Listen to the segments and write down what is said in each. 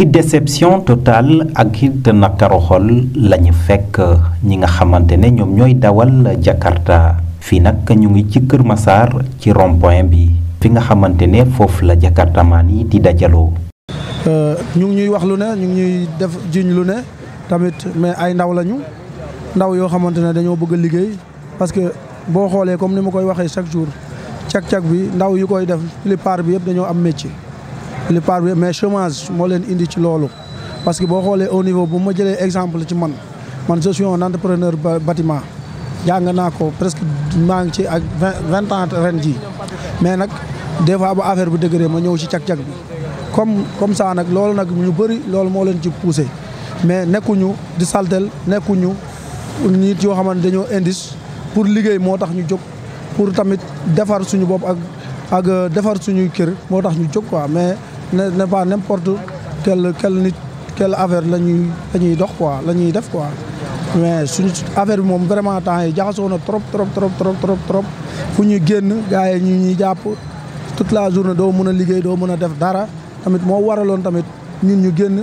ci déception totale ak it naqaru xol lañu fekk ñi nga xamante ne ñoom ñooy dawal Jakarta fi nag ñu ngi ci Kër Massar ci rond bi fi nga xamante ne foofu la Jakartamaan yi di dajaloo. Euh, ñu ngi ñuy wax lu ne ñu ngi def jiñ lu ne tamit mais ay ndaw lañu ndaw yoo xamante ne dañoo bëgg liggéey parce que boo xoolee comme ni mu koy waxee chaque jour cag-cag bi ndaw yu koy def plupart bi yëpp dañoo am métier. li part bi mais chômage moo leen indi ci loolu parce que boo xoolee au niveau bu ma jëlee exemple ci man man je suis un entrepreneur bâtiment jàng naa ko presque maa ngi ci ak vingt ans ren jii mais nag des fois bu affaire bi dëgëree ma ñëw ci cag-cag bi comme comme ça nag loolu nag ñu bëri loolu moo leen ci poussé mais nekkuñu di saltel nekkuñu nit yoo xamante dañoo indice pour liggéey moo tax ñu jóg pour tamit defar suñu bopp ak ak defar suñuy kër moo tax ñu jóg quoi mais n'est pas n'importe quel quel nit quelle affaire la ñuy ñuy dox quoi la ñuy def quoi mais suñu affaire bi moom vraiment temps yi jaxasoo na trop trop trop trop trop trop fu ñu génn gars yi ñu ñuy jàpp toute la journée doo mën a liggéey doo mën a def dara tamit moo waraloon tamit ñun ñu génn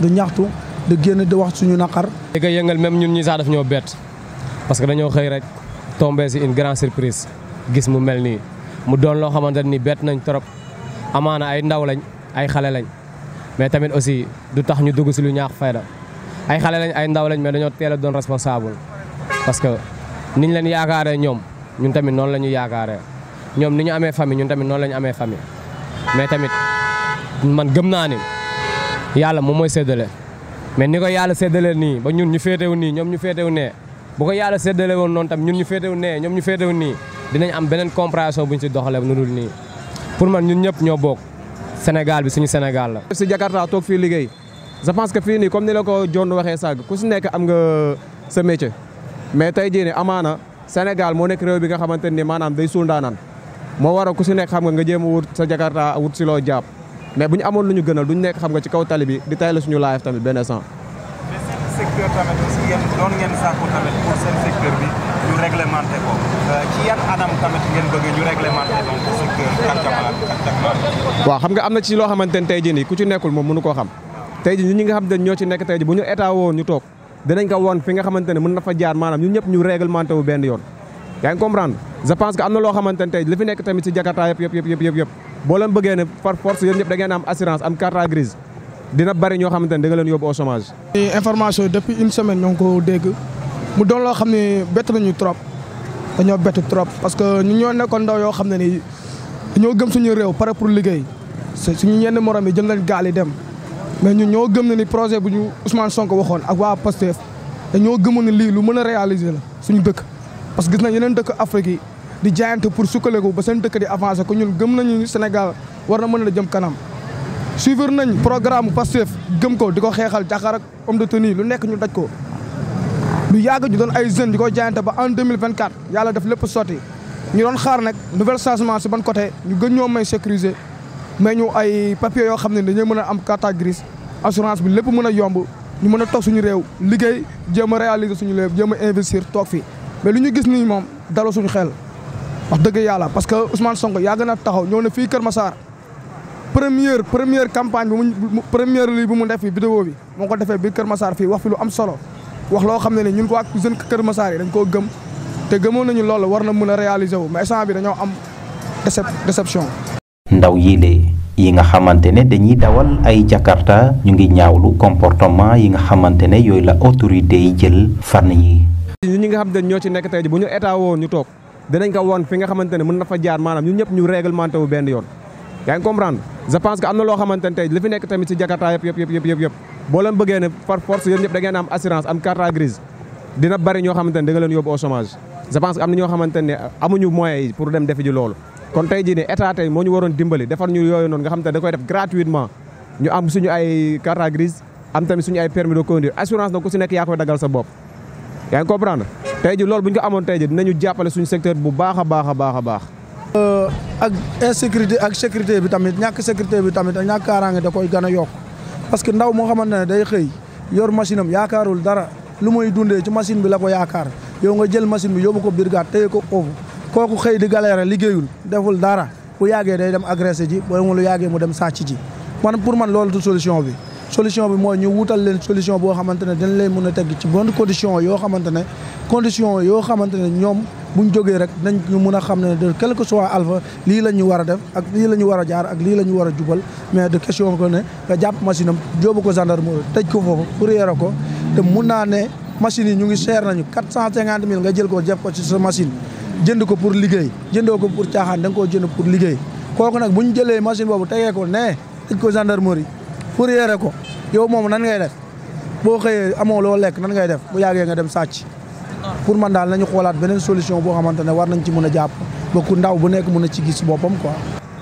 du ñaxtu di génn di wax suñu naqar. di ko yëngal même ñun ñuy sax daf ñoo bett parce que dañoo xëy rek tombé si une grande surprise gis mu mel nii mu doon loo xamante ni bett nañ trop amaana ay ndaw lañ. ay xale lañ mais tamit aussi du tax ñu dugg si lu ñaax fayda ay xale lañ ay ndaw lañ mais dañoo teel a doon responsable parce que niñ leen yaakaare ñoom ñun tamit noonu la ñu yaakaaree ñoom ni ñu amee famille ñun tamit noonu la ñu amee famille mais tamit man gëm naa ni yàlla moom mooy séddale mais ni ko yàlla séddale nii ba ñun ñu féetewu nii ñoom ñu féetewu nee bu ko yàlla séddale woon noonu tam ñun ñu féetewu nee ñoom ñu féetewu nii dinañ am beneen compréhension buñ si doxalee nu nii pour man ñun ñëpp ñoo bokk Sénégal bi suñu Sénégal la. si Jakarta toog fii liggéey je pense que fii nii comme ni la ko John waxee sàgg ku si nekk am nga sa métier mais tey jii nii amaana Sénégal moo nekk réew bi nga xamante ni maanaam day suul ndaanaan moo waral ku si nekk xam nga nga jéem a wut sa Jakarta wut si loo jàpp mais buñ ñu amoon lu ñu gënal du ñu nekk xam nga ci kaw tali bi di tay la suñu live tamit benn instant. doon euh, xam nga am na ci loo xamante tey jii ku ci nekkul moom mënu koo xam tey jii ñi nga xam ne ñoo ci nekk tey jii bu ñu état woon ñu toog dinañ ko woon fi nga xamante mën na jaar maanaam ñun ñëpp ñu réglementé benn yoon yaa ngi comprendre je pense am na loo xamante ne tey li fi nekk tamit ci Jakarta yëpp yëpp yëpp yëpp yëpp boo leen bëggee ne par force yéen ñëpp da am assurance am carte grise dina bari ñoo xamante ne da nga leen yóbbu au information depuis une semaine ñoo ngi ko dégg mu doon loo xam ne bett nañu trop dañoo bett trop parce que ñu ñoo nekkoon daw yoo xam ne ni ñoo gëm suñu réew pare pour liggéey suñu yenn morom yi jël nañ gaal yi dem mais ñu ñoo gëm ne ni projet bu ñu Ousmane sonk waxoon ak waa Pastef dañoo gëmoon ne lii lu mën a réaliser la suñu dëkk. parce que gis nañ yeneen dëkk Afrique yi di jaayante pour sukkaleku ba seen dëkk di avancer ko ñun gëm nañu Sénégal war na mën a jëm kanam. suivre nañ programme Pastef gëm ko di ko xeexal jaxar ak homme de tenue lu nekk ñu daj ko. lu yàgg ñu doon ay jeunes di ko jaayante ba en 2024 yàlla def lépp sotti ñu doon xaar nag nouvel changement si ban côté ñu gën ñoo may sécuriser may ñu ay papiers yoo xam ne dañoo mën a am carte grise assurance bi lépp mën a yomb ñu mën a toog suñu réew liggéey jéem a réaliser suñu réew jéem a investir toog fi mais lu ñu gis nii moom daloo suñu xel wax dëgg yàlla parce que Ousmane Sonko yàgg na taxaw ñëw na fii Kër Massar. première première campagne bu mu première bi bu mu def fi vidéo bi moo ko defee biir Kër masaar fii wax fi lu am solo wax loo xam ne ne ñun ko ak Kër Massar yi dañ koo gëm te gëmoon nañu loolu war na mën a réaliser wu mais bi dañoo am déception. ndaw yii de yi nga xamante ne dañuy dawal ay jakarta ñu ngi ñaawlu comportement yi nga xamante ne yooyu la autorité yi fan yi ñi nga xam ne ñoo ci nekk tey ji bu ñu état woon ñu toog dinañ ko woon fi nga xamante ne mën na fa jaar maanaam ñun ñëpp ñu réglementé wu benn yoon yaa ngi comprendre je pense am na loo xamante ne li fi nekk tamit si Jakarta yëpp yëpp yëpp yëpp yëpp boo leen bëggee ne par force yéen ñëpp da ngeen am assurance am carte grise dina bari ñoo xamante ne nga leen yóbbu au chômage je pense am na ñoo xamante ne amuñu moyens yi pour dem defi loolu kon tey jii ne état tey moo ñu waroon dimbali defar ñu yooyu noonu nga xam te da koy def gratuitement ñu am suñu ay carte grise am tamit suñu ay permis de conduire assurance tey ji jàppale suñu secteur bu baax a baax a Euh, ak insécurité ak sécurité bi tamit ñàkk sécurité bi tamit ñàkk kaaraange da koy gën a yokk parce que ndaw moo xamante ne day xëy yor machine am yaakaarul dara lu muy dundee ci machine bi la ko yaakaar yow nga jël machine bi yóbbu ko brigade téye ko foofu kooku xëy di galère liggéeyul deful dara bu yàggee day dem agressé ji boo lu yàggee mu dem sàcc ji man pour man loolu du solution bi solution bi mooy ñu wutal leen solution boo xamante ne dañ lay mën a teg ci bonne condition yoo xamante ne condition yoo xamante ne ñoom buñ jógee rek nañ ñu mun a xam ne de quel que soit alpha lii la ñu war a def ak lii la ñu war a jaar ak lii la ñu war a jubal mais de question que ne nga jàpp machine am jóobu ko gendarmerie tëj ko foofu fourrière ko te mun naa ne machines yi ñu ngi cher nañu quatre cent cinquante mil nga jël ko jëf ko ci sa jënd ko pour liggéey jëndoo ko pour caaxaan da nga koo jënd pour liggéey kooku nag bu ñu jëlee machine boobu tegee ko ne tëj ko gendarmerie fourrière ko yow moom nan ngay def boo xëyee amoo loo lekk nan ngay def bu yàggee nga dem sàcc pour man daal nañu xoolaat beneen solution boo xamante ne war nañ ci mën a jàpp ba ku ndaw bu nekk mën a ci gis boppam quoi.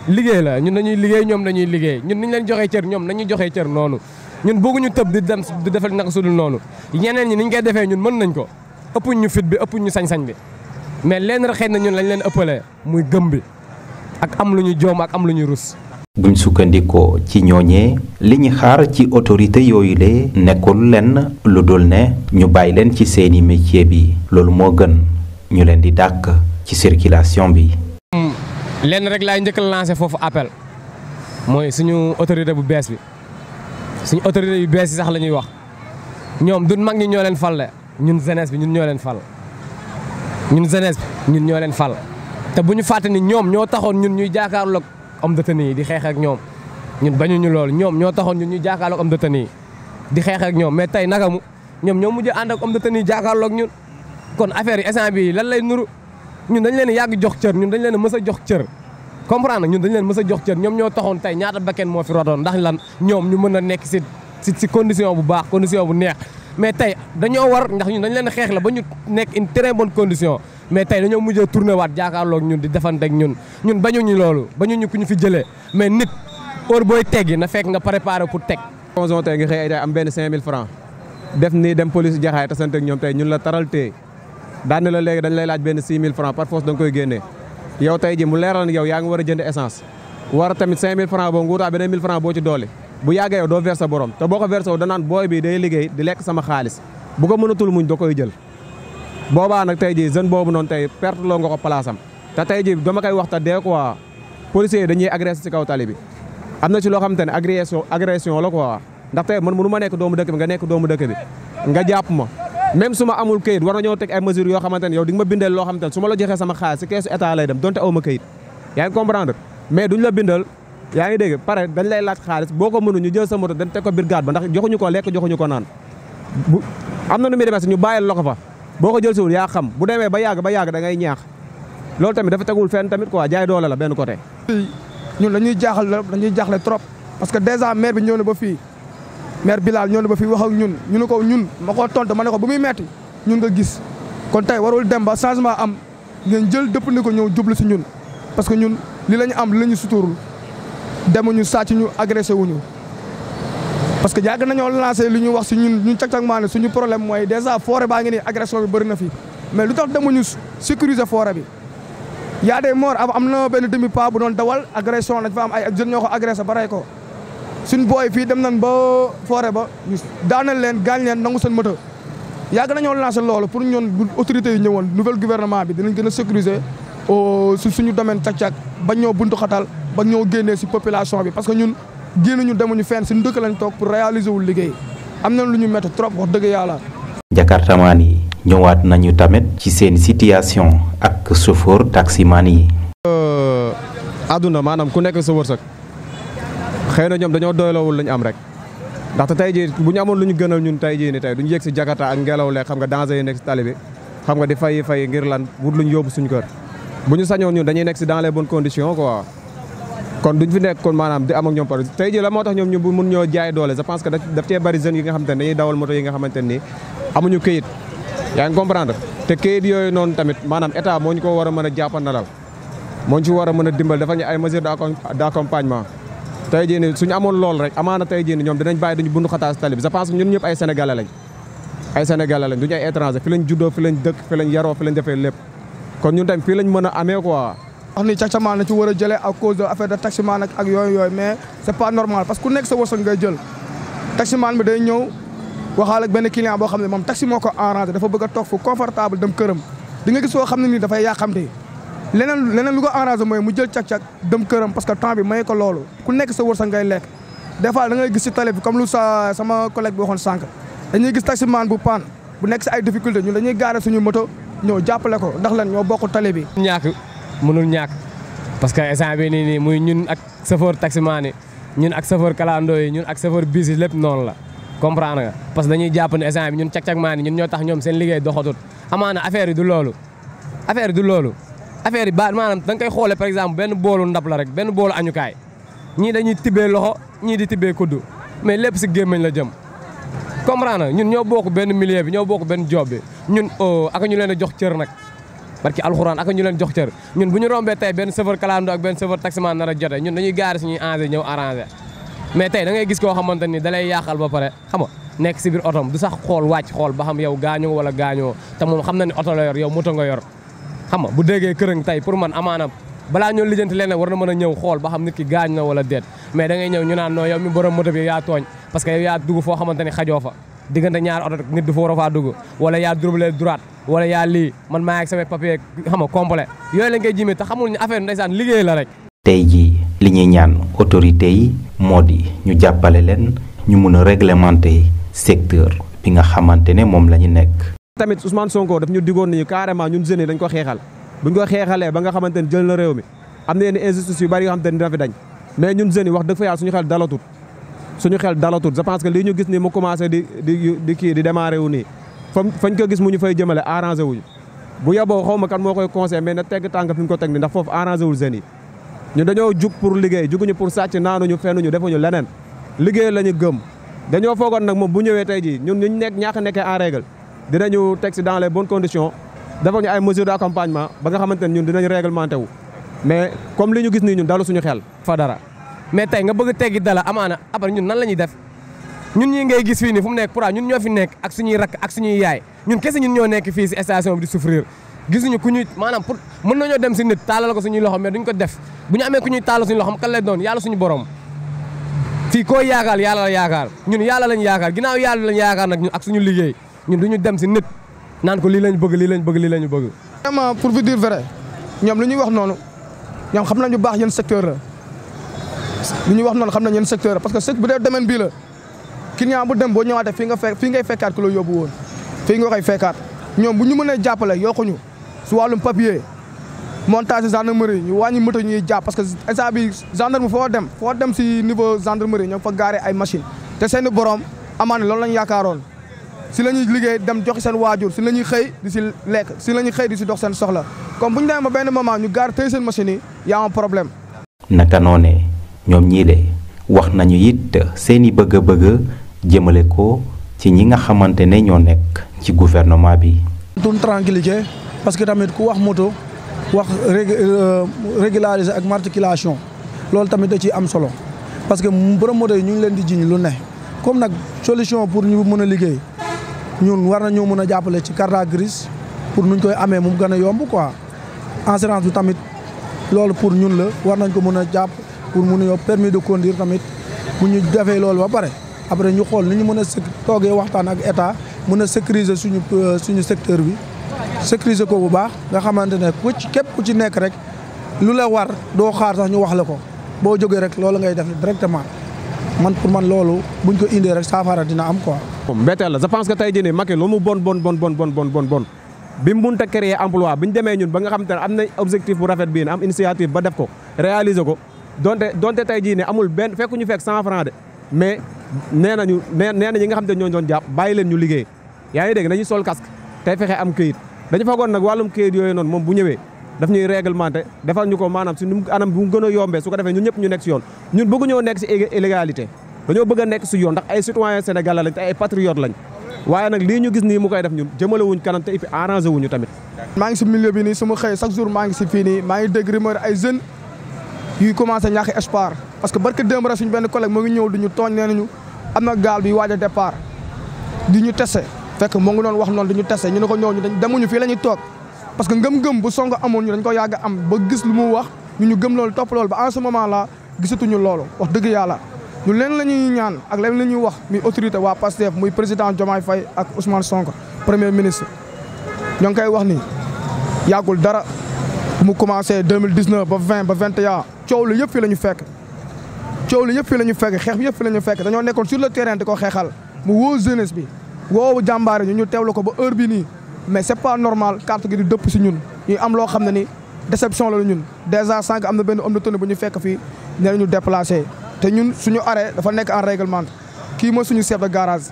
liggéey la ñun dañuy liggéey ñoom dañuy liggéey ñun niñ leen joxee cër ñoom nañuy joxee cër noonu ñun bëgguñu tëb di dem di defal naka sudul noonu ñeneen ñi niñ koy defee ñun mën nañ ko ëppuñ ñu fit bi ëppuñ ñu sañ-sañ bi mais leen rek xëy na ñun lañ leen ëppalee muy gëm bi ak am lu ñu joom ak am lu ñu rus buñ sukkandikoo ci ñooñee li ñu xaar ci autorité yooyu le nekkul leen lu dul ne ñu bàyyi leen ci seeni métier bi loolu moo gën ñu leen di dàkk ci circulation bi. lenn rek laay njëkkal a foofu appel mooy suñu autorité bu bees bi suñu autorité yu bees yi sax la ñuy wax ñoom du mag ñi ñoo leen fal ñun jeunesse bi ñun ñoo leen fal ñun jeunesse bi ñun ñoo leen fal te bu ñu ni ñoom ñoo taxoon ñun ñuy jaakaarloog. homme de tenue yi di xeex ak ñoom ñun bañuñu loolu ñoom ñoo taxoon ñu jàkkaarloog homme de di xeex ñoom mais tey naka ñoom ñoo mujj ànd ak homme de tenue kon affaire yi instant bi lan nuru ñun dañ leen yàgg jox cër ñun dañ leen mës a jox cër comprendre ñun dañ leen mës a jox cër ñoom ñoo taxoon tey ñaata bakken moo fi rotoon ndax lan ñoom ñu mën a nekk si si si bu baax condition bu neex mais tey dañoo war ndax ñun dañ leen xeex la ba mais tey dañoo mujj a tourné waat jaakaarloog ñun di defanteeg ñun ñun bañuñu loolu bañuñu ku ñu fi jëlee mais nit boo booy teggi na fekk nga préparé pour teg. onze tey nga xëy ay am benn 5000 francs def nii dem police jaxaay tasanteeg ñoom tey ñun la taral tey daan la léegi dañ lay laaj benn 6000 francs par force koy génnee yow tey ji mu leeral yow yaa ngi war a jënd essence war a tamit 5000 francs boobu nga wutaa beneen 1000 francs boo ci doole bu yàggee yow boo ko verser danaan booy bi liggéey di lekk sama xaalis bu ko mënatul muñ da koy boobaa nag tey jii jeune boobu noon tey perte loo nga ko place te tey jii dama koy wax te dès quoi policiers yi dañuy agressé ci kaw tali bi am na ci loo xamante ne agression agression la quoi ndax tey man nekk doomu dëkk bi nga nekk doomu dëkk bi nga jàpp ma même su ma amul këyit war nañoo teg ay mesures yoo xamante ne yow di nga ma bindal loo xamante ne su ma la joxee sama xaalis ci keesu état lay dem donte aw këyit yaa ngi comprendre mais duñ la bindal yaa ngi dégg pare dañ lay laaj xaalis boo ko mënu ñu jël sa moto dañ teg ko biir gaat ba ndax joxuñu ko lekk joxuñu ko naan am na nu muy demee si ñu bàyyil loxo fa boo ko jël yaa xam bu demee ba yàgg ba yàgg da ngay ñaax loolu tamit dafa tegul fenn tamit quoi jaay doole la benn côté. ñun dañuy jaaxal dañuy jaaxle trop parce que déjà maire bi ñëw ne ba fii maire Bilal ñoow ne ba fii wax ak ñun ñu ne ko ñun ma ko tontu ma ne ko bu muy metti ñun nga gis kon tey warul dem ba changement am ngeen jël dëpp ni ko ñëw jublu si ñun parce que ñun li lañu am li la ñu suturul demuñu sàcc ñu agressé wuñu parce que yàgg nañoo lancé li ñu wax si ñun ñu cag-cag maa ne suñu problème mooy dèjà forêt baa ngi nii agression bi bëri na fi mais lu tax demuñu sécuriser forêt bi yaa des moor am am na benn demi pas bu doon dawal agression lañ fa am ay jeunes ñoo ko agressé ba rey ko suñ booy fii dem nañ ba foore ba ñu daanal leen gaañ leen nangu seen moto yàgg nañoo lancé loolu pour ñoon bu autorités yi ñëwoon nouvel gouvernement bi dinañ gën a sécuriser su suñu domaine cag-cag bañ buntu xatal bañ ñoo génnee si population bi parce que ñun génnuñu demuñu fenn suñu dëkk lañ toog pour réaliser wul liggéey am na lu ñu métti trop wax dëgg yàlla. jakartamaan yi ñëwaat nañu tamit ci seen situation ak chauffeur taximaan yi. Euh, àdduna maanaam ku nekk sa wërsëg xëy na ñoom dañoo doylawul lañu am rek ndaxte tey jii bu ñu amoon lu ñu gënal ñun tey jii ni tey duñu yegg si jakarta ak ngelaw leeg xam nga danger yi nekk si tali xam nga di fay fay ngir lan wut luñ yóbbu suñu kër bu ñu sañoon ñun dañuy nekk si dans les bonnes conditions quoi. kon duñ fi nekk kon maanaam di am ak ñoom par tey ji la moo tax ñoom ñu mun ñoo jaay doole je pense daf cee bari jeunes yi nga xamante ne dawal moto yi nga xamante ni amuñu këyit yaa ngi comprendre te këyit yooyu noonu tamit maanaam état moo ñu ko war a mën a jàppandalal moo ñu ci war a mën a dimbal dafa ñu ay mesures d' accompagnement tey jii ni suñu amoon lool rek amaana tey jii ni ñoom dinañ bàyyi duñu bundu xataas tali bi ñun ñëpp ay sénégalais fi lañ juddoo fi lañ dëkk fi lañ yaroo fi lañ defee lépp kon ñun tamit fii lañ a wax ni càccament na ci war a jëlee à cause de affaire de taximan ak ak yooyu yooyu mais c' est pas normal parce que ku sa wërsëg ngay jël taximan bi day ñëw waxaal ak benn client boo xam ne moom taxi moo ko arrangé dafa bëgg a toog fu confortable dem këram di nga gis soo xam ne nii dafay yàqamte leneen leneen lu ko arrangé mooy mu jël cag-cag dem këram parce que temps bi may ko loolu ku nekk sa wërsëg ngay lekk des fois da ngay gis si tali bi comme lu sa sama collègue bi waxoon sànq dañuy gis taximan bu paan bu nekk si ay difficulté ñun dañuy gaare suñu moto ñoo jàppale ko ndax lan ñoo bokk tali bi ñàkk mënul ñàkk parce que instant bi nii nii muy ñun ak chauffeur taximaan yi ñun ak chauffeur kalandoo yi ñun ak chauffeur bis yi lépp noonu la comprendre nga que dañuy jàpp ne instant bi ñun cag-cag maan ñun ñoo tax ñoom seen liggéey doxatut amaana affaire yi du loolu affaire yi du loolu affaire yi ba maanaam da nga koy par exemple benn boolu ndab la rek benn boolu añukaay ñii dañuy tibbee loxo ñii di tibbee kuddu mais lépp si gémmañ la jëm comprendre ñun ñoo bokk benn milieu bi ñoo bokk benn job ñun oh, ak ñu leen a jox cër nag barki alxuraan ak ñu leen jox ñun bu ñu rombee tey benn chauffeur kalandoo ak benn chauffeur taximan nar a jote ñun dañuy gaari suñuy arrangé ñëw arrangé mais tey da gis koo xamante ni da lay yaaxal ba pare nekk si biir otom du sax xool wàcc xool ba xam yow gaañoo wala gaañoo te moom xam na ne oto la yor yow moto nga yor xam nga bu déggee kërëng tey pour man amaana balaa ñoo lijjanti war na mën a ñëw xool ba xam nit ki gaañ na wala déet mais da ngay ñëw ñu naan que yow yaa xamante ni xajoo fa diggante a faa dugg wala wala yaa lii man maa ngi samay papier xam nga complet yooyu la ngay jimee te xamul ne affaire ndeysaan liggéey la rek. tey jii li ñuy ñaan autorité yi moo di ñu jàppale leen ñu mun a réglementer secteur bi nga xamante ne moom la ñu nekk. tamit Ousmane Sonko daf ñu digoon nañu carrément ñun jeunes yi dañ ko xeexal bu ñu ko xeexalee ba nga xamante ne jël na réew mi am na yenn injustice yu bari yoo xamante ne dina fi dañ mais ñun jeunes yi wax dëgg fa yàlla suñu xel dalatut suñu xel que lii ñu gis ni mu commencé di di di kii di démarrer wu nii fañ ko gis mu ñu fay jëmale arrangé wuñu bu yeboo xaw ma kan moo koy conseil mais na tegg tànk fi ñu ko teg ni ndax foofu arrangé wul jeunes yi ñu dañoo jug pour liggéey juguñu pour sàcc naanuñu fenuñu defuñu leneen liggéey la ñu gëm dañoo foogoon nag moom bu ñëwee tey jii ñun ñuñ nekk ñàkk nekkee en règle dinañu teg si dans les bonnes ay mesures d'accompagnement ba nga xamante ne ñun dinañ réglementé wu mais comme li ñu gis nii ñun dalu suñu xel fa dara mais tey nga bëgg teggi dala amaana après ñun nan la ñuy def ñun ñi ngay gis fii nii fu mu nekk pourtant ñun ñoo fi nekk ak suñuy rakk ak suñuy yaay ñun kese ñun ñoo nekk fii si station bi di souffrir gisuñu ku ñuy maanaam pour mën nañoo dem si nit taalal ko suñu loxo mais duñ ko def bu ñu amee ku ñuy taalal suñu loxo kan lay doon yàlla suñu borom fii koo yaakaar yàlla yaakaar ñun yàlla lañ yaakaar ginnaaw yàlla lañ yaakaar nag ñun ak suñu liggéey ñun duñu dem si nit naan ko lii lañ bëgg lii lañ bëgg lii lañu bëgg vraiment pour vous dire vrai ñuy wax noonu ñoom xam nañu baax yeen secteur la lu ñuy wax noonu parce que bu dee domaine la client bu dem boo ñëwaatee fii nga fekk fii ngay fekkaat ku la yóbbu woon fii nga koy fekkaat ñoom bu ñu mën mënee jàppale yokkuñu si wàllum papier montage gendarmerie ñu wàññi moto ñuy jàpp parce que instant bi gendarme foo dem foo dem si niveau gendarmerie ñoo fa gaare ay machine te seen i borom amaa loolu lañu yaakaaroon si la ñuy liggéey dem jox seen waajur si la ñuy xëy di si lekk si la xëy di si dox seen soxla comme bu ñu demee ba benn moment ñu gaar tey seen machine yi yaa am problème. naka noonee ñoom ñii de wax nañu it seeni bëgg-bëgg. jëmale ko ci ñi nga xamante ne ñoo nekk ci gouvernement bi. tun tranquillité parce que tamit ku wax moto wax euh, régulariser ak matriculation loolu tamit da ciy am solo parce que borom moto yi ñu ngi leen di jiñ lu ne comme nag solution pour ñu mën a liggéey ñun war nañoo mën a jàppale ci carte gris pour nu ñu koy amee mu gën a yomb quoi assurance bi tamit loolu pour ñun la war nañ ko mën a jàpp pour mun a permis de conduire tamit bu ñu defee loolu ba pare. après ñu xool ni ñu mën a së toogee waxtaan ak état mën a sécuriser suñu euh, suñu secteur bi sécuriser ko bu baax nga xamante ne ku ci képp ku ci nekk rek lu la war doo xaar sax ñu wax la ko boo jógee rek loolu ngay def directement man pour man loolu buñ ko indee rek saafara dina am ko quoi. mbetteel la je pense que tey jii nii Macky lu mu bon bon bon bon bon bon bon bon bi mu mënut a bi ñu demee ñun ba nga xam te ne am na objectif bu rafet bii am initiative ba def ko réaliser ko donte donte tey jii nii amul benn fekk ñu fekk cent franc mais nee nañu nee na ñi nga xam te ñoo doon jàpp bàyyi leen ñu liggéey yaa ngi dégg dañu sol casque tey fexe am këyit dañu foogoon nag wàllum këyit yooyu noon moom bu ñëwee daf ñuy réglementé defal ñu ko maanaam si anam bu mu gën a yombee su ko defee ñun ñëpp ñu nekk si yoon ñun bëgguñoo nekk si illégalité dañoo bëgg a nekk si yoon ndax ay citoyen sénégalais lañ te ay patriote lañ waaye nag lii ñu gis nii mu koy def ñun jëmale wuñ kanam te et puis wuñu tamit maa ngi si milieu bi nii su ma xëyee chaque jour maa ngi si fii nii ngi dégg rumeur ay jeunes yuy commencé ñàkk espoir parce que barke démb rek suñ benn collègue moo ngi ñëw di ñu tooñ nee am na gaal bi waaj a départ di ñu tese fekk moo ngi doon wax noonu di ñu tese ñu ne ko ñëw ñu dañ demuñu fii la ñuy toog parce que ngëm-ngëm bu song amoon ñu dañ ko yàgg am ba gis lu mu wax ñu ñu gëm loolu topp loolu ba en ce moment là gisatuñu loolu wax dëgg yàlla ñu leen la ñuy ñaan ak leen la ñuy wax muy autorité waa PASTEF muy président Diomaye Faye ak Ousmane Sonko premier ministre ñoo ngi koy wax ni yàggul dara mu commencé 2019 ba 20 ba 21 coow lu yëpp la ñu fekk coow li yëpp fi la ñu fekk xeex bi yëpp fi la ñu fekk dañoo nekkoon sur le terrain di ko xeexal mu woo jeunesse bi woowu jàmbaare ñu ñu teewlu ko ba heure bi nii mais c'est pas normal carte gi di dëpp si ñun ñuy am loo xam ne ni déception la ñun déjà sànq am na benn homme de tenue bu ñu fekk fii nee na ñu déplacé te ñun suñu aree dafa nekk en règlement kii mooy suñu chef de garage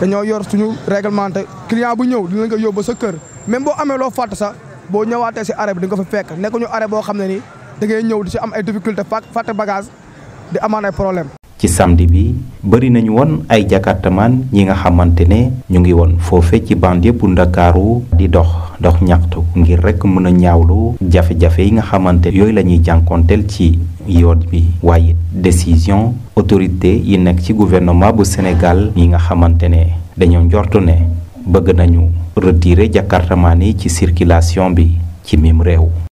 dañoo yor suñu réglementé client bu ñëw di dina nga yóbbu sa kër même boo amee loo fàtte sax boo ñëwaatee si arrêt bi di nga fa fekk nekk ñu boo xam ne ni da ñëw di si am ay difficulté fàtte bagage di amaan ay problème ci samedi bi bëri nañu woon ay jakartamaan ñi nga xamante ne ñu ngi woon foofe ci banlieue bu Ndakaaru di dox dox ñaxtu ngir rek mën a ñaawlu jafe-jafe yi nga xamante yooyu la ñuy jànkoonteel ci yoot bi waaye décision autorité yi nekk ci gouvernement bu Sénégal yi nga xamante ne dañoo njortu ne bëgg nañu retirer jakartamaan yi ci circulation bi ci mim réew